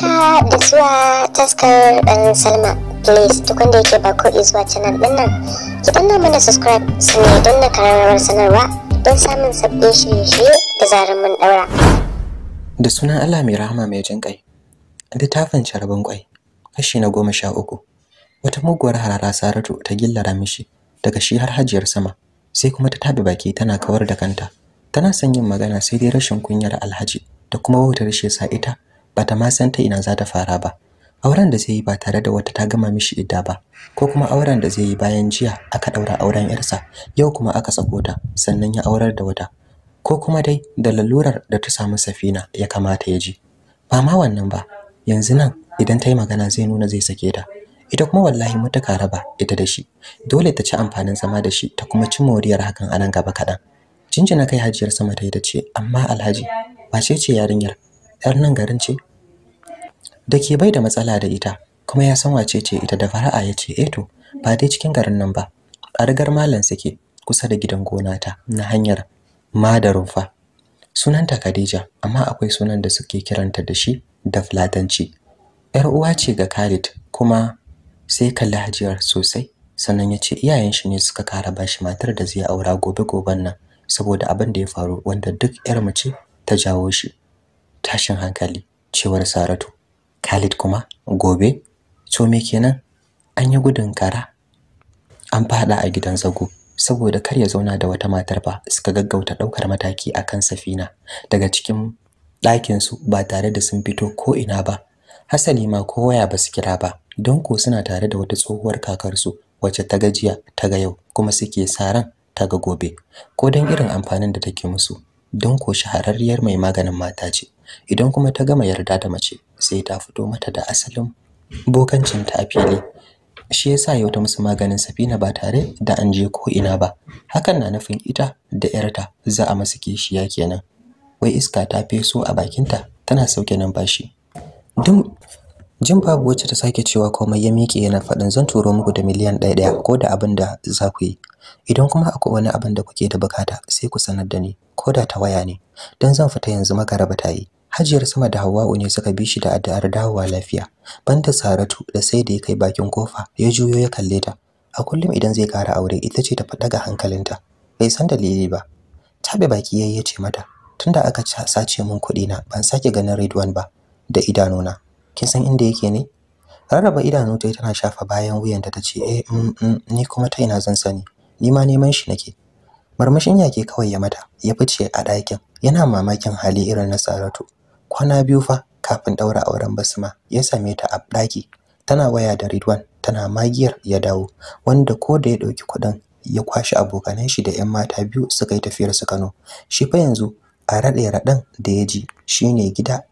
haka da zuwa taskar dan salma please duk wanda yake ba ko zuwa canal din nan ki danna mana subscribe su ne don na kararrawar sanarwa don samun sabbin shirye-shirye da zarar mun daura da sunan allah mai rahama mai jin kai littafin charbon kwai kashi na goma sha uku wata muguwar harara saratu ta gillara mishi daga shi har hajiyar sama sai kuma ta tabi baki tana kawar da kanta tana son yin magana sai dai rashin kunyar alhaji da kuma wautar shi sa ita bata ma san ta ina za ta fara ba auren da zai yi ba tare da wata ta gama mishi idda ba ko kuma auren da zai yi bayan jiya aka daura auren yarsa yau kuma aka sako ta sannan ya aurar da wata ko kuma dai da lalurar da ta samu safina ya kamata ya ji ba ma wannan ba yanzu nan idan ta yi magana zai nuna zai sake ta ita kuma wallahi mu mutaka raba ita da shi dole ta ci amfanin zama da shi ta kuma ci moriyar hakan a nan gaba kaɗan jinjina kai hajiyar sama ta yi ta ce amma alhaji ce ce yarinyar 'yar nan garin ce da ke bai da matsala da ita kuma ya san wace ce ita da fara'a ya ce eto eh ba dai cikin garin nan ba a rigar malam suke kusa da gidan gona ta na hanyar ma da rumfa. sunanta Khadija amma akwai sunan da suke kiranta da shi da fulatanci yar uwa ce ga Khalid kuma sai kalli hajiyar sosai sannan ya ce iyayen shi ne suka kara bashi matar da zai aura gobe goben nan saboda abin da ya faru wanda duk yar mace ta jawo shi tashin hankali cewar Saratu Khalid kuma gobe to me kenan an yi gudun kara an fada a gidan zago saboda kar ya zauna da wata matar ba suka gaggauta daukar mataki akan safina daga cikin ɗakin su ba tare da sun fito ko ina ba hasali ma ko waya ba su kira ba don ko suna tare da wata tsohuwar kakarsu wacce ta gajiya ta ga yau kuma suke saran ta ga gobe ko don irin amfanin da take musu don ko shahararriyar mai maganin mata ce idan kuma ta gama yarda da mace sai ta fito mata da asalin bokancin ta a fili shi yasa yau ta musu maganin safina ba tare da an je ko ina ba hakan na nufin ita da yarta za a masu kishiya kenan wai iska ta feso a bakinta tana sauke numfashi dum jin babu wacce ta sake cewa komai ya miƙe yana faɗin zan turo muku da miliyan ɗaya ɗaya ko da abin da za ku yi idan kuma akwai wani abin da kuke da bukata sai ku sanar da ni ko da ta waya ne don zan fita yanzu makaraba ta yi Hajiyar sama da Hawwa'u ne suka bi shi da addu'ar dawowa lafiya. Banda Saratu da sai da ya kai bakin kofa ya juyo ya kalle ta. A kullum idan zai kara aure ita ce ta ga hankalinta. Bai san dalili ba. Tabe baki yayi ya ce mata, "Tunda aka sace min kuɗi na, ban sake ganin Ridwan ba da idanu na, Kin san inda yake ne?" Rarraba idanu ta tana shafa bayan wuyanta ta ce, "Eh, mm, mm, ni kuma ta ina zan sani. Ni ma neman shi nake." Marmashin yake kawai ya mata, ya fice a ɗakin. Yana mamakin hali irin na Saratu. kwana biyu fa kafin ɗaura auren basma ya same ta a ɗaki tana waya da Ridwan tana magiyar ya dawo wanda ko da ya ɗauki kuɗin ya kwashe abokanan shi da 'yan mata biyu suka yi tafiyar su Kano shi fa yanzu a raɗe raɗen da ya ji shine gida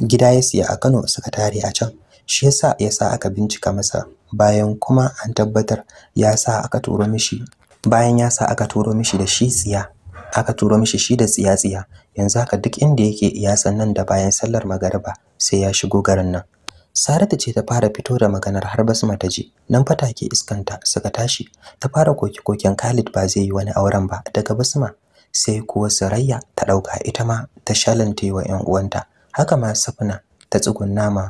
gida ya siya a Kano suka tare a can shi yasa sa aka bincika masa bayan kuma an tabbatar ya sa aka turo mishi bayan ya sa aka turo mishi da shi siya aka turo mishi shi da tsiya yanzu haka duk inda yake iya nan da bayan sallar magaraba sai ya shigo garin nan Saratu ce ta fara fito da maganar har basma ta ji nan fata ke iskanta suka tashi ta fara koke-koken Khalid ba zai yi wani auren ba daga basma sai kuwa Sarayya ta dauka ita ma ta shalante wa ƴan uwanta haka ma Safna ta tsugunna ma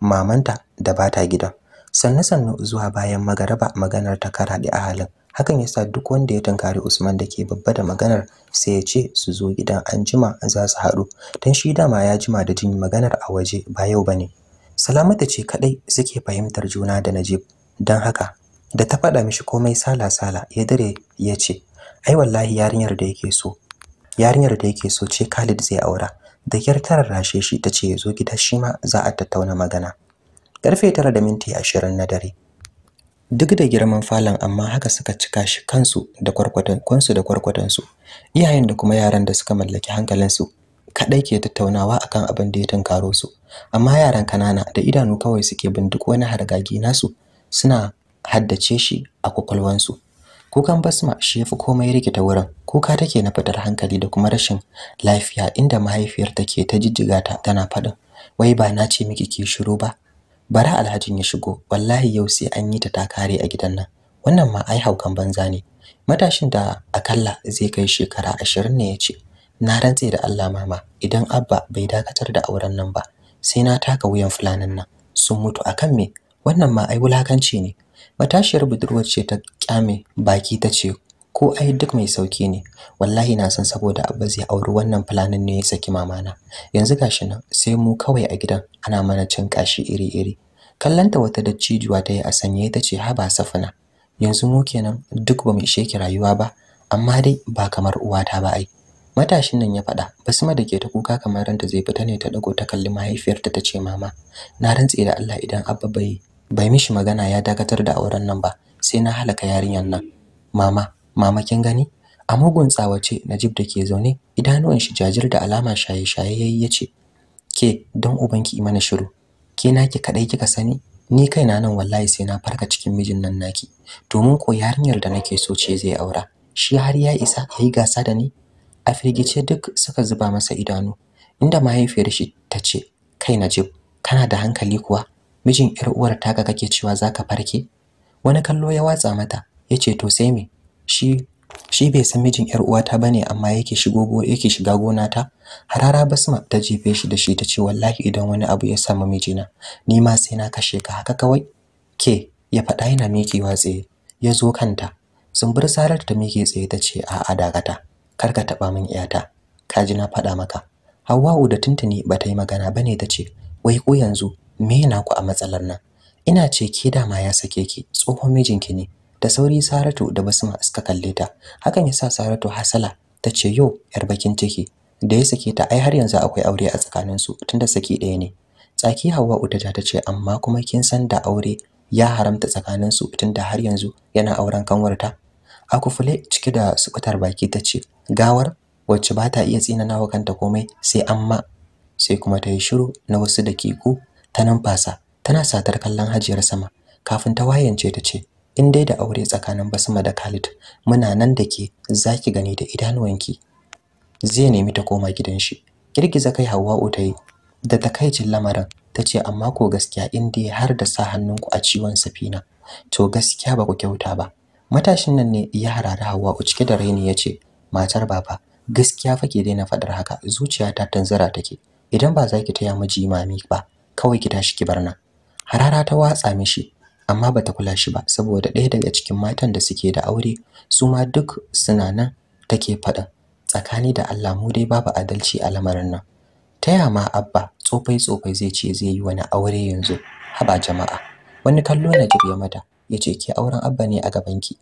mamanta da bata gidan sannan sannu zuwa bayan magaraba, maganar ta karaɗi a halin hakan yasa duk wanda ya tunkari Usman da ke babba da maganar sai ya ce su zo gidan anjima za su haɗu don shi dama ya jima da jin maganar a waje ba yau bane Salamatu ce kadai suke fahimtar juna da Najib dan haka da ta faɗa mishi komai sala-sala ya dare ya ce ai wallahi yarinyar da yake so yarinyar da yake so ce Khalid zai aura da kyar ta shi ta ce ya zo gida shi ma za a tattauna magana karfe tara da minti ashirin na dare duk da girman falon amma haka suka cika shi kansu da kwarkwatan kansu da kwarkwatansu iyayen da kuma yaran da suka mallaki hankalinsu kaɗai ke tattaunawa akan abin da ya tunkaro su amma yaran kanana da idanu kawai suke bin duk wani hargagi nasu suna haddace shi a kwakwalwansu kukan basma shi ya fi komai rikita wurin kuka take na fitar hankali da kuma rashin lafiya inda mahaifiyar take ta jijjiga ta tana faɗin wai ba na ce miki ki shiru ba bara alhajin ya shigo wallahi yau sai an yi ta ta kare a gidan nan wannan ma ai haukan banza ne matashin da akalla zai kai shekara 20 ne ya ce na rantse da Allah mama idan abba bai dakatar da auren nan ba sai na taka wuyan fulanin nan sun mutu akan me wannan ma ai wulakanci ne matashiyar budurwar ce ta kyame baki ta ce ko ai duk mai sauki ne wallahi na san saboda abba zai auri wannan fulanin ne ya saki mamana yanzu gashi nan sai mu kawai a gidan ana mana cin kashi iri-iri kallanta wata dattijuwa ta yi a sanye ta ce haba safina yanzu mu kenan duk ba mu ishe ki rayuwa ba amma dai ba kamar uwata ba ai matashin nan ya faɗa basma da ke ta kuka kamar ranta zai fita ne ta dago ta kalli mahaifiyarta ta ce mama na rantse da Allah idan abba bai bai mishi magana ya dakatar da auren nan ba sai na halaka yarinyar nan mama mama kin gani a mugun tsawace Najib da ke zaune idanuwan shi jajir da alama shaye-shaye yayi yace ke don ubanki yi mana shiru ke naki kadai kika sani ni kaina nan wallahi sai na farka cikin mijin nan naki domin ko yarinyar da nake so ce zai aura shi har ya isa yayi gasa da ni a firgice duk suka zuba masa idanu inda mahaifiyar shi ta ce kai Najib kana da hankali kuwa mijin yar uwar taka kake cewa zaka farke wani kallo ya watsa mata yace to sai me shi shi bai san mijin yar uwata bane amma yake shigo go yake shiga gona ta harara basma ta jefe shi da shi ta ce wallahi idan wani abu ya samu mijina ni ma sai na kashe ka haka kawai ke ya faɗa yana miki tsaye ya zo kanta zumbur sarar ta miƙe tsaye ta ce a dagata, kar ka taɓa min iyata ka ji na faɗa maka Hawwa'u da tuntuni ba ta yi magana bane ta ce wai ko yanzu me yana ku a matsalar nan ina ce ke dama ya sake ki tsohon mijinki ne da sauri Saratu da Basma suka kalle ta hakan yasa Saratu hasala tace ce yo yar bakin ciki da ya sake ta ai har yanzu akwai aure a tsakanin su tunda saki ɗaya ne tsaki Hauwa uta ta ce amma kuma kin san da aure ya haramta tsakanin su tunda har yanzu yana auren kanwarta Akufule cike da sukutar baki ta ce gawar wacce ba ta iya nawa kanta komai sai amma sai kuma ta yi shiru na wasu dakiku ta numfasa tana satar kallon hajiyar sama kafin ta wayance ta ce in dai da aure tsakanin Basma da Khalid muna nan da ke zaki gani da idanuwanki zai nemi ta koma gidan shi girgiza kai Hawwa'u ta yi da takaicin lamarin tace amma ko gaskiya in dai har da sa hannunku a ciwon safina to gaskiya ba ku kyauta ba matashin nan ne ya harare Hawwa'u cike da raini ya ce matar baba gaskiya fa ke daina faɗar haka zuciyata tanzara take idan ba zaki taya miji mami ba kawai ki tashi ki barna harara ta watsa mishi amma bata kula shi ba saboda ɗaya daga cikin matan da suke da aure su ma duk suna nan take faɗin, tsakani da Allah mu dai babu adalci a lamarin nan Ta taya ma abba tsofai tsofai zai ce zai yi wani aure yanzu haba jama'a wani kallo na ya mata ya ce ke auren abba ne a gabanki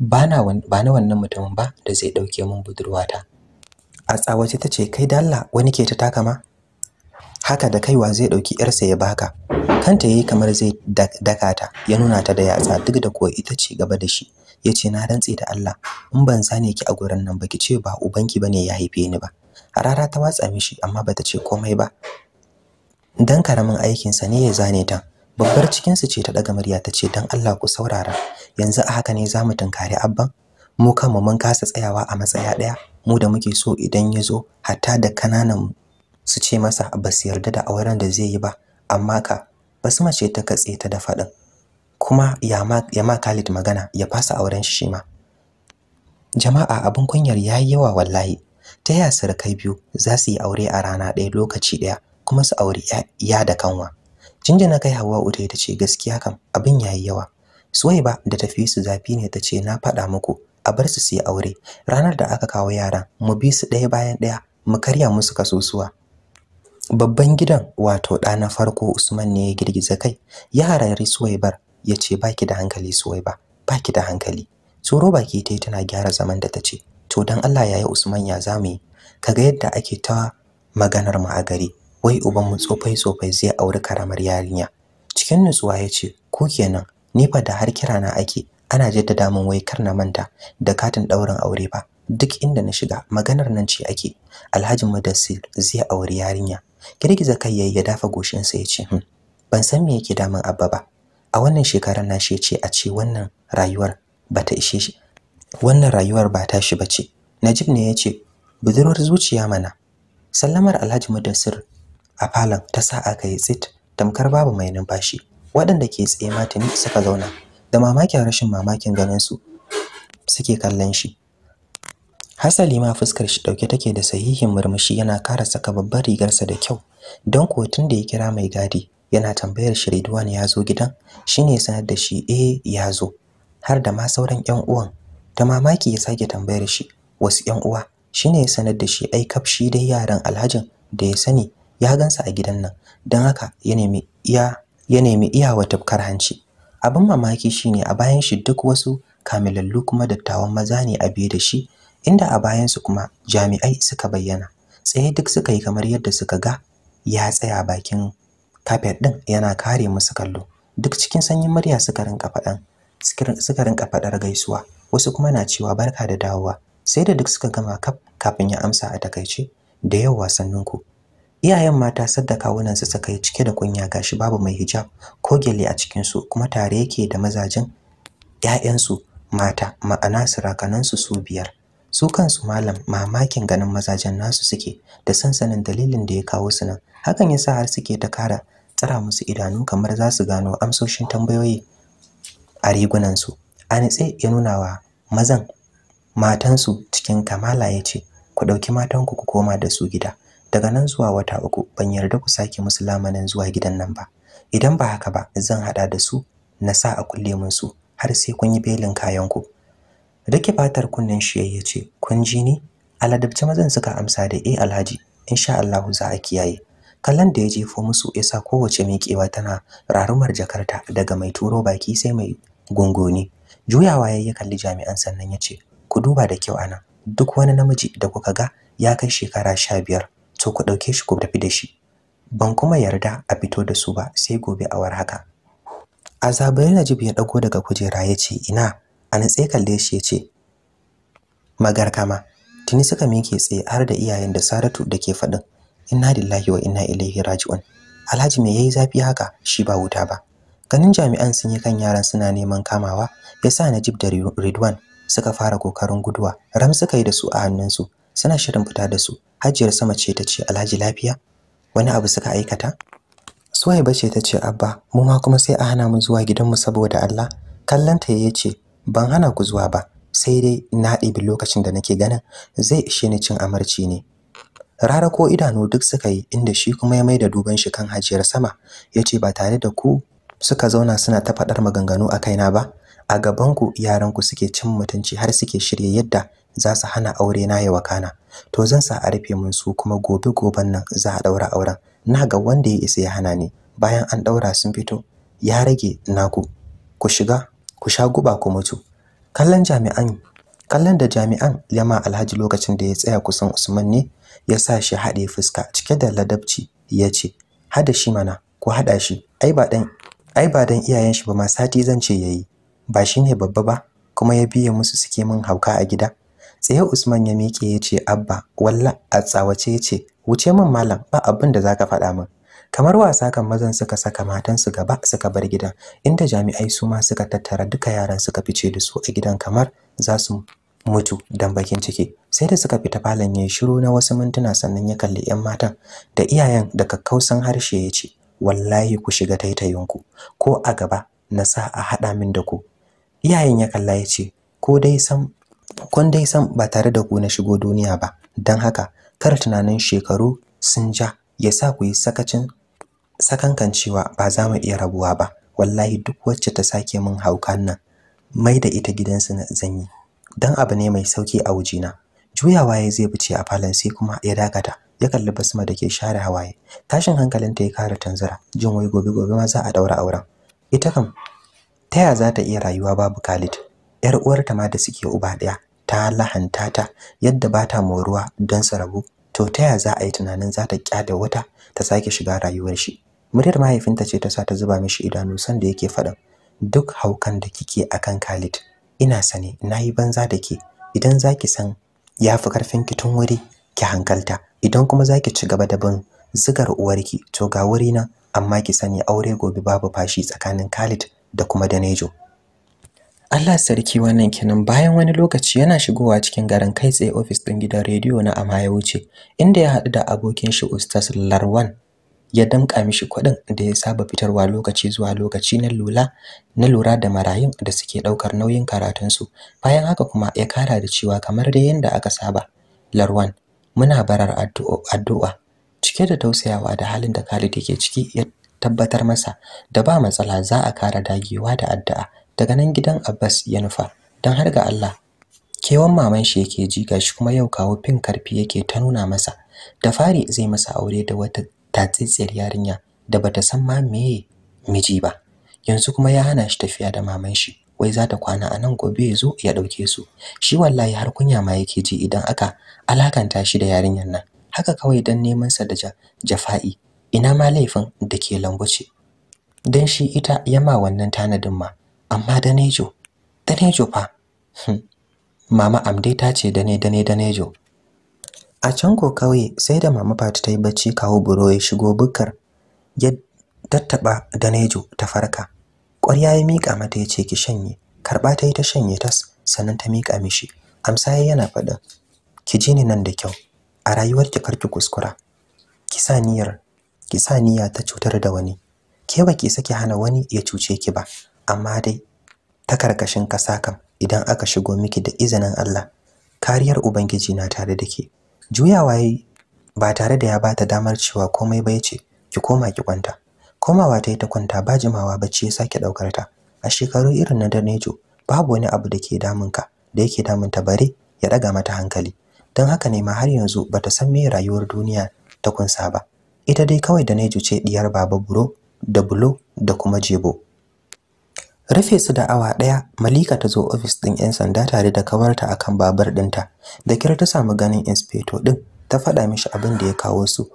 ba na wannan mutumin ba da zai ɗauke min budurwata a tsawace ce, kai dalla wani ke ta taka ma haka da kaiwa zai ɗauki ‘yarsa ya baka kanta yayi kamar zai daka ta ya nuna ta da yatsa duk da ko ita ce gaba da shi yace na rantse da Allah in ban zane ki a gurin nan baki ce ba ubanki bane ya haife ni ba harara ta watsa mishi amma bata ce komai ba dan karamin aikin sa ne ya zane ta babbar cikin su ce ta daga murya ta ce dan Allah ku saurara yanzu a haka ne za mu tunkare abban mu kanmu mun kasa tsayawa a matsaya daya mu da muke so idan yazo hatta da kananan su ce masa ba su yarda da auren da zai yi ba amma ka su mace ta katse ta da faɗin kuma ya ma, Khalid magana ya fasa auren shi ma jama'a abin kunyar yayi yawa wallahi ta yaya surukai biyu za su yi aure a rana ɗaya lokaci ɗaya kuma su aure ya da kanwa jinjina kai hawa uta ta ce gaskiya kam abin yayi yawa ba da tafi su zafi ne ta ce na faɗa muku a bar su su yi aure ranar da aka kawo yaran mu bi su ɗaya bayan ɗaya mu karya musu kasusuwa babban gidan wato ɗa na farko usman ne ya girgiza kai ya harari suwaibar ya ce baki da hankali suwaiba baki da hankali tsoro baki ta tana gyara zaman da ta ce to don allah yayi usman ya zamu yi kaga yadda ake ta maganar mu a gari wai uban mu tsofai tsofai zai auri karamar yarinya cikin nutsuwa ya ce ko kenan ni fa da har kira na ake ana jaddada min wai kar na manta da katin ɗaurin aure ba duk inda na shiga maganar nan ce ake alhaji mudassir zai auri yarinya girgiza kai yayi ya dafa goshin sa yace hmm, ban san me yake damun abba ba a wannan shekarar na shi ce a ce wannan rayuwar bata ishe shi wannan rayuwar ba ta shi bace najib ne yace budurwar zuciya mana sallamar alhaji mudassir a falon ta sa aka yi tsit tamkar babu mai numfashi waɗanda ke tsaye matani suka zauna da mamakin rashin mamakin ganin su suke kallon shi Hasali ma fuskar shi dauke take da sahihin murmushi yana kara saka babbar rigarsa da kyau don kotun tun da ya kira mai gadi yana tambayar shi Ridwan ya zo gidan shine sanar da shi eh ya zo har da ma sauran ƴan uwan ta mamaki ya sake tambayar shi wasu ƴan uwa shine sanar da shi ai kafshi dai yaran Alhajin da ya sani ya gansa a gidan nan don haka ya nemi iya ya nemi wa tafkar hanci abin mamaki shine a bayan shi duk wasu kamilallu kuma dattawan maza ne a biye da shi inda a bayansu kuma jami'ai suka bayyana tsaye duk suka yi kamar yadda suka ga ya tsaya bakin kafet din yana kare musu kallo duk cikin sanyin murya suka rinka faɗan suka rinka faɗar gaisuwa wasu kuma na cewa barka da dawowa sai da duk suka gama kaf kafin ya amsa a takaice da yau wasannin ku. iyayen mata sadda kawunansu suka yi cike da kunya gashi babu mai hijab ko gele a cikinsu kuma tare yake da mazajin 'ya'yansu mata ma'ana surakanansu su biyar su kansu malam mamakin ganin mazajen nasu suke da sansanin dalilin da ya kawo su nan hakan ya sa har suke ta kara tsara musu idanu kamar za su gano amsoshin tambayoyi a rigunansu a nitse ya nuna wa mazan matansu cikin kamala ya ce ku ɗauki matanku ku koma da su gida daga nan zuwa wata uku ban yarda ku sake musu lamanin zuwa gidan nan ba idan ba haka ba zan haɗa da su na sa a kulle musu, har sai kun yi belin kayanku rike fatar kunnen shi ya ce kun ji ni aladabci mazan suka amsa da eh alhaji insha Allah za a kiyaye kallan da ya jefo musu ya sa kowace miƙewa tana rarumar jakarta daga mai turo baki sai mai gungoni juyawa ya yi kalli jami'an sannan ya ce ku duba da kyau ana duk wani namiji da kuka ga ya kai shekara sha biyar to ku ɗauke shi ku tafi da shi ban kuma yarda a fito da su ba sai gobe a war haka a najib ya ɗago daga kujera ya ce ina a natse kalle shi yace ce magarkama tuni suka miƙe tsaye har da iyayen da saratu dake ke faɗin inna lillahi wa inna ilaihi raji'un alhaji me yayi zafi haka shi ba wuta ba ganin jami'an sun yi kan yaran suna neman kamawa yasa najib da ridwan suka fara kokarin guduwa ram suka yi da su a hannunsu suna shirin fita da su hajiyar sama ce ta ce alhaji lafiya wani abu suka aikata suwaiba bace ta ce abba mu ma kuma sai a hana mu zuwa gidanmu saboda allah kallanta ya ban hana ku zuwa ba sai dai na ɗibi lokacin da nake ganin zai ishe ni cin amarci ne rara ko idanu duk suka yi inda shi kuma ya da duban shi kan hajiyar sama ya ce ba tare da ku suka zauna suna ta faɗar maganganu a kaina ba a gabanku yaranku suke cin mutunci har suke shirya yadda za su hana aure na ya wakana to zan sa a rufe mun su kuma gobe goben nan za a ɗaura auren na ga wanda ya isa ya hana ni bayan an ɗaura sun fito ya rage naku ku shiga ku sha guba ku mutu kallon jami'an kallon da jami'an yama alhaji lokacin da ya tsaya kusan usman ne ya sa shi haɗe fuska cike da ladabci ya ce hada shi mana ku hada shi ai ba dan ai ba iyayen shi ba ma sati zan ce yayi ba shi ne babba ba kuma ya biye musu suke min hauka a gida tsaye usman ya miƙe ya ce abba walla a tsawace ya ce wuce min malam ba abin da zaka faɗa min kamar wasa kan mazan suka saka matan su gaba suka bar gidan inda jami'ai su ma suka tattara duka yaran suka fice da su a gidan kamar za su mutu dan bakin ciki sai da suka fita falon yayin shiru na wasu mintuna sannan ya kalli yan matan da iyayen da kakkausan harshe ya ce wallahi ku shiga taitayinku ko a gaba na sa a hada min da ku iyayen ya kalla ya ce ko dai san kun dai san ba tare da ku na shigo duniya ba dan haka kar tunanin shekaru sun ja ya sa ku yi sakacin cewa ba za mu iya rabuwa ba wallahi duk wacce ta sake min haukan nan mai da ita gidansu na zanyi dan abu ne mai sauki a wujina juyawa ya zai bice a falon sai kuma ya dakata ya kalli basma da ke share hawaye tashin hankalin ta ya kara tanzara jin wai gobe gobe ma za a daura auren ita kam ta ya za ta iya rayuwa babu Khalid yar uwarta ma da suke uba daya ta lahanta ta yadda ba ta moruwa don su rabu to ta ya za a yi tunanin za ta kyada wata ta sake shiga rayuwar shi muryar mahaifinta ce ta sa ta zuba mishi idanu san da yake faɗan duk haukan da kike akan Khalid ina sane nayi banza da ke idan zaki san yafi karfin ki tun wuri ki hankalta idan kuma zaki ci gaba da bin zigar uwarki to ga wuri na amma ki sani aure gobe babu fashi tsakanin Khalid da kuma Danejo Allah sarki wannan kenan bayan wani lokaci yana shigowa cikin garin kai tsaye ofis din gidan rediyo na Amaya wuce inda ya haɗu da abokin shi Ustaz Larwan ya damƙa mishi kuɗin da ya saba fitarwa lokaci zuwa lokaci na lura na lura da marayun da suke ɗaukar nauyin karatunsu bayan haka kuma ya kara da cewa kamar da yadda aka saba larwan muna barar addu'a cike da tausayawa da halin da Khalid yake ciki ya tabbatar masa da ba matsala za a kara dagewa da addu'a daga nan gidan Abbas ya nufa don har ga Allah kewan maman shi yake ji gashi kuma yau kawo fin karfi yake ta nuna masa da fari zai masa aure da wata Ta tsitsiyar yarinya da bata san ma meye miji ba yanzu kuma ya hana shi tafiya da maman shi wai za ta kwana a nan gobe ya zo ya ɗauke su shi wallahi har kunya ma yake ji idan aka alakanta shi da yarinyar nan haka kawai don neman sa da jafa'i ina ma laifin da ke lambuce dan shi ita yama wannan tanadin ma amma danejo danejo fa hmm. mama amdai ta ce dane dane danejo a can ko kauye sai da mama fati ta yi bacci kawo buro ya shigo bukkar ya tattaba danejo ta farka ƙwarya ya mika mata ya ce ki shanye karɓa ta yi ta shanye tas sannan ta mika mishi amsa ya yana faɗin ki ji ni nan da kyau a rayuwarki karki kuskura ki sa niyyar ki sa niyya ta cutar da wani ke ba ki saki hana wani ya cuce ki ba amma dai ta karkashin ƙasa kam idan aka shigo miki da izinin Allah kariyar ubangiji na tare da ke juyawa yayi ba tare da ya bata damar cewa komai ba yace ki koma ki kwanta komawa ta yi ta kwanta ba jimawa bacci ya sake daukar ta a shekaru irin na Danejo babu wani abu da ke damun ka da yake damun ta bare ya ɗaga mata hankali don haka ne ma har yanzu bata san me rayuwar duniya ta kunsa ba ita dai kawai Danejo ce diyar baba buro da bulo da kuma jebo rufe su da awa ɗaya, malika ta zo ofis ɗin yan sanda tare da kawarta akan babar ɗinta da kira ta samu ganin inspeto ɗin ta faɗa mishi abin da ya kawo su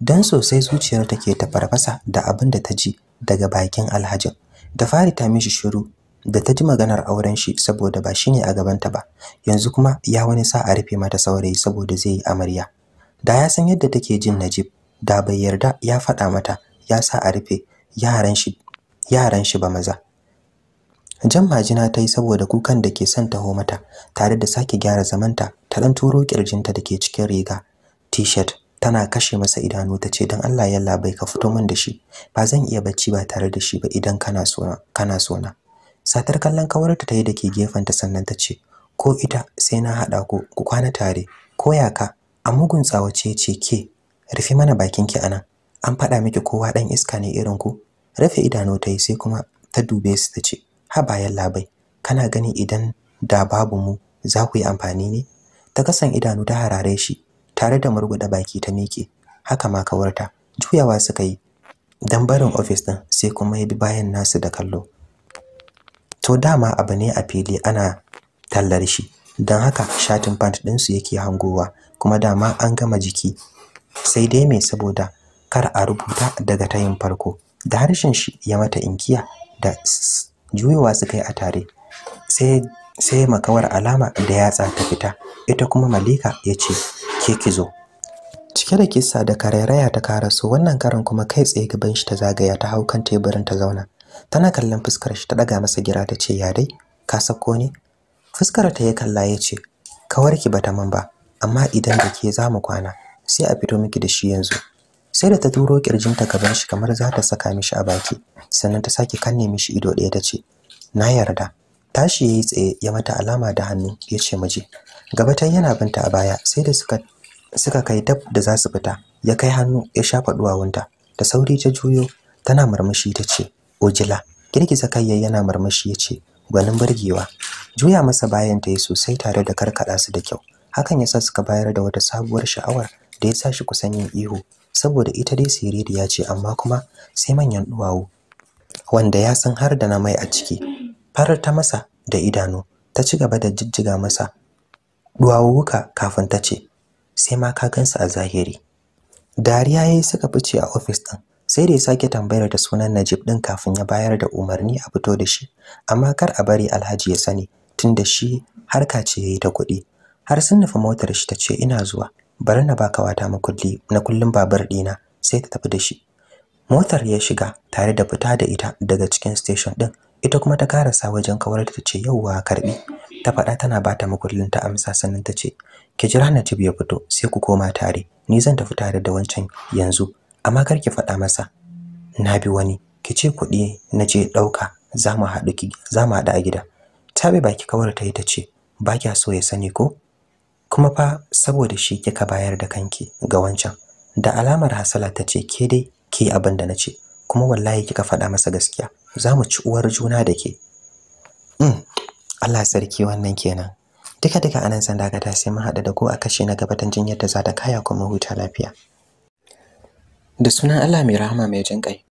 don sosai zuciyar ke ta farfasa da abin da ta ji daga bakin alhajin da fari ta mishi shiru da ta ji maganar auren shi saboda ba shine a gabanta ba yanzu kuma ya wani sa a rufe mata saurayi saboda zai yi amarya da ya san yadda take jin Najib da bai yarda ya faɗa mata ya sa a rufe yaran shi ba maza jan majina ta yi saboda kukan da ke son taho mata tare da sake gyara zamanta ta ɗan turo kirjinta da ke cikin riga t-shirt tana kashe masa idanu ta ce don Allah yalla bai ka fito min da shi ba zan iya bacci ba tare da shi ba idan kana sona kana sona satar kallon kawarta ta yi da ke gefenta sannan ta ce ko ita sai na haɗa ku ku kwana tare ko ya ka a mugun tsawace ce ke rufe mana bakinki anan an faɗa miki kowa ɗan iska ne irin ku rufe idanu ta yi sai kuma ta dube su ta ce habayan labai kana gani idan da babu mu za ku yi amfani ne ta kasan idanu ta harare shi tare da da baki ta miƙe haka ma kawarta juyawa suka yi dan barin ofis din sai kuma ya bi bayan nasu da kallo to dama abu ne a fili ana tallar shi don haka shatin pant su yake hangowa kuma dama an gama jiki sai dai me saboda kar a rubuta daga tayin farko da harshen shi ya mata inkiya da juyowa suka yi a tare sai sai makawar alama da yatsa ta fita ita kuma malika ya ce ke ki zo cike da kissa da karairaya ta karasu wannan karin kuma kai tsaye gaban shi ta zagaya ta hau kan teburin ta zauna tana kallon fuskar shi ta daga masa gira ta ce ya dai ka sako ne fuskar ta ya kalla yace, ce kawarki bata man ba amma idan da ke za kwana sai a fito miki da shi yanzu sai da ta turo kirjinta gaban shi kamar za ta saka mishi a baki sannan ta sake kanne mishi ido ɗaya ta ce na yarda tashi yayi tsaye ya mata alama da hannu ya ce muje gabatan yana binta a baya sai da suka suka kai dab da za su fita ya kai hannu ya shafa duwawunta da sauri ta juyo tana murmushi ta ce ojila girgiza kai yana murmushi ya ce gwanin burgewa juya masa bayan ta yi sosai tare da karkada su da kyau hakan yasa suka bayar da wata sabuwar sha'awar da ya sa shi kusan yin ihu saboda ita dai siririya ce amma kuma sai manyan duwawu wanda ya san har da na mai a ciki farar ta masa da idanu ta ci gaba da jijjiga masa duwawuka kafin ta ce sai ma ka gansu a zahiri dariya yayi suka fice a office din sai da ya sake tambayar da sunan Najib din kafin ya bayar da umarni a fito da shi amma kar a bari Alhaji ya sani tunda shi harka ce yayi ta kuɗi har sun nufi motar shi ta ce ina zuwa bari na ba kawata makulli na kullun babur dina sai ta tafi da shi motar ya shiga tare da fita da ita daga cikin station din ita kuma ta karasa wajen kawar ta ce yauwa karbi ta faɗa tana bata ta makullin ta amsa sannan ta ce ki jira na ya fito sai ku koma tare ni zan tafi tare da wancan yanzu amma kar ki faɗa masa na bi wani ki ce kuɗi na je ɗauka za mu haɗu a gida ta bi baki kawar ta yi ta ce ba kya so ya sani ko kuma fa saboda shi kika bayar da kanki ga wancan da alamar hasala ta ce ke dai ke abin da na ce kuma wallahi kika faɗa masa gaskiya za mu ci uwar juna da ke mm. Allah sarki wannan kenan duka duka anan san dakata sai mun haɗa da ko a kashe na gabatan jinyar da za ta kaya kuma huta lafiya da sunan Allah mai rahama mai jin kai